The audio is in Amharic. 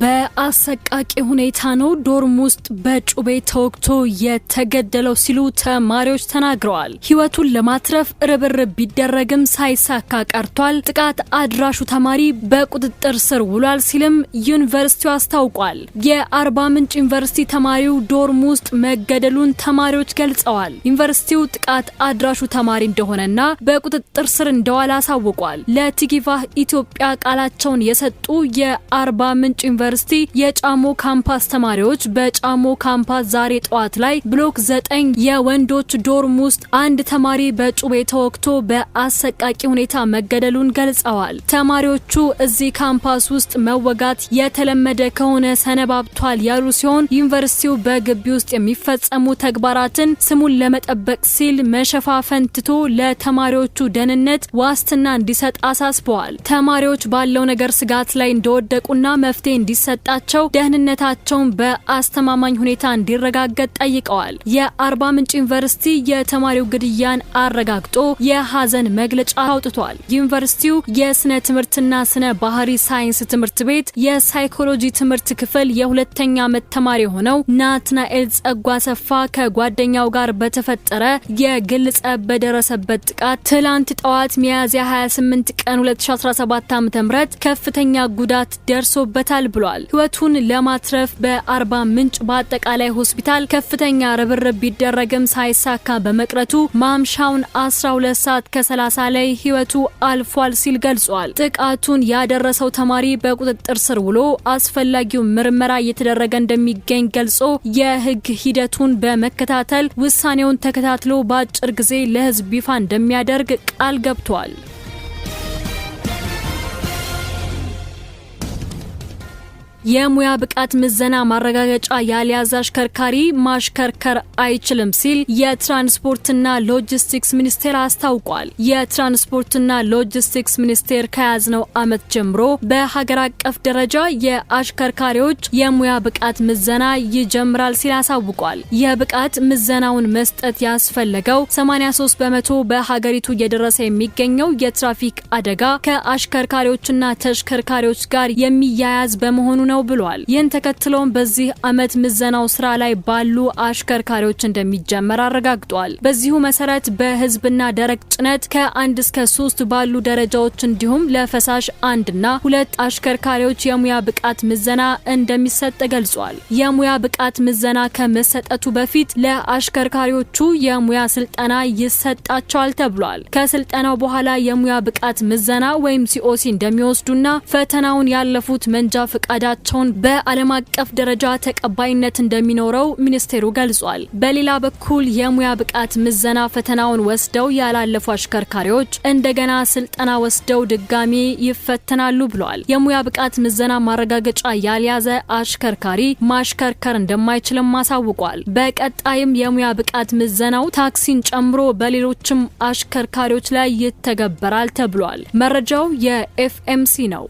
በአሰቃቂ ሁኔታ ነው ዶርም ውስጥ በጩቤ ተወግቶ የተገደለው ሲሉ ተማሪዎች ተናግረዋል። ሕይወቱን ለማትረፍ ርብርብ ቢደረግም ሳይሳካ ቀርቷል። ጥቃት አድራሹ ተማሪ በቁጥጥር ስር ውሏል ሲልም ዩኒቨርሲቲው አስታውቋል። የአርባ ምንጭ ዩኒቨርሲቲ ተማሪው ዶርም ውስጥ መገደሉን ተማሪዎች ገልጸዋል። ዩኒቨርሲቲው ጥቃት አድራሹ ተማሪ እንደሆነና በቁጥጥር ስር እንደዋለ አሳውቋል። ለቲጊቫህ ኢትዮጵያ ቃላቸውን የሰጡ የአርባ ምንጭ ዩኒቨርሲቲ የጫሞ ካምፓስ ተማሪዎች በጫሞ ካምፓስ ዛሬ ጠዋት ላይ ብሎክ ዘጠኝ የወንዶች ዶርም ውስጥ አንድ ተማሪ በጩቤ ተወግቶ በአሰቃቂ ሁኔታ መገደሉን ገልጸዋል። ተማሪዎቹ እዚህ ካምፓስ ውስጥ መወጋት የተለመደ ከሆነ ሰነባብቷል ያሉ ሲሆን ዩኒቨርሲቲው በግቢ ውስጥ የሚፈጸሙ ተግባራትን ስሙን ለመጠበቅ ሲል መሸፋፈን ትቶ ለተማሪዎቹ ደህንነት ዋስትና እንዲሰጥ አሳስበዋል። ተማሪዎች ባለው ነገር ስጋት ላይ እንደወደቁና መፍትሄ እንዲሰጣቸው ደህንነታቸውን በአስተማማኝ ሁኔታ እንዲረጋገጥ ጠይቀዋል። የአርባ ምንጭ ዩኒቨርሲቲ የተማሪው ግድያን አረጋግጦ የሀዘን መግለጫ አውጥቷል። ዩኒቨርሲቲው የስነ ትምህርትና ስነ ባህሪ ሳይንስ ትምህርት ቤት የሳይኮሎጂ ትምህርት ክፍል የሁለተኛ ዓመት ተማሪ የሆነው ናትናኤል ጸጓ ሰፋ ከጓደኛው ጋር በተፈጠረ የግል ጸብ በደረሰበት ጥቃት ትላንት ጠዋት ሚያዝያ 28 ቀን 2017 ዓ.ም ከፍተኛ ጉዳት ደርሶበታል ብሏል። ብሏል። ህይወቱን ለማትረፍ በአርባ ምንጭ በአጠቃላይ ሆስፒታል ከፍተኛ ርብርብ ቢደረግም ሳይሳካ በመቅረቱ ማምሻውን 12 ሰዓት ከ30 ላይ ህይወቱ አልፏል ሲል ገልጿል። ጥቃቱን ያደረሰው ተማሪ በቁጥጥር ስር ውሎ አስፈላጊው ምርመራ እየተደረገ እንደሚገኝ ገልጾ የህግ ሂደቱን በመከታተል ውሳኔውን ተከታትሎ በአጭር ጊዜ ለህዝብ ይፋ እንደሚያደርግ ቃል ገብቷል። የሙያ ብቃት ምዘና ማረጋገጫ ያልያዘ አሽከርካሪ ማሽከርከር አይችልም ሲል የትራንስፖርትና ሎጂስቲክስ ሚኒስቴር አስታውቋል። የትራንስፖርትና ሎጂስቲክስ ሚኒስቴር ከያዝነው ዓመት ጀምሮ በሀገር አቀፍ ደረጃ የአሽከርካሪዎች የሙያ ብቃት ምዘና ይጀምራል ሲል አሳውቋል። የብቃት ምዘናውን መስጠት ያስፈለገው 83 በመቶ በሀገሪቱ እየደረሰ የሚገኘው የትራፊክ አደጋ ከአሽከርካሪዎችና ተሽከርካሪዎች ጋር የሚያያዝ በመሆኑ ነው ብሏል። ይህን ተከትሎም በዚህ አመት ምዘናው ስራ ላይ ባሉ አሽከርካሪዎች እንደሚጀመር አረጋግጧል። በዚሁ መሰረት በህዝብና ደረቅ ጭነት ከአንድ እስከ ሶስት ባሉ ደረጃዎች እንዲሁም ለፈሳሽ አንድና ሁለት አሽከርካሪዎች የሙያ ብቃት ምዘና እንደሚሰጥ ገልጿል። የሙያ ብቃት ምዘና ከመሰጠቱ በፊት ለአሽከርካሪዎቹ የሙያ ስልጠና ይሰጣቸዋል ተብሏል። ከስልጠናው በኋላ የሙያ ብቃት ምዘና ወይም ሲኦሲ እንደሚወስዱና ፈተናውን ያለፉት መንጃ ፈቃዳቸው መሆናቸውን በዓለም አቀፍ ደረጃ ተቀባይነት እንደሚኖረው ሚኒስቴሩ ገልጿል። በሌላ በኩል የሙያ ብቃት ምዘና ፈተናውን ወስደው ያላለፉ አሽከርካሪዎች እንደገና ስልጠና ወስደው ድጋሜ ይፈተናሉ ብለዋል። የሙያ ብቃት ምዘና ማረጋገጫ ያልያዘ አሽከርካሪ ማሽከርከር እንደማይችልም አሳውቋል። በቀጣይም የሙያ ብቃት ምዘናው ታክሲን ጨምሮ በሌሎችም አሽከርካሪዎች ላይ ይተገበራል ተብሏል። መረጃው የኤፍኤምሲ ነው።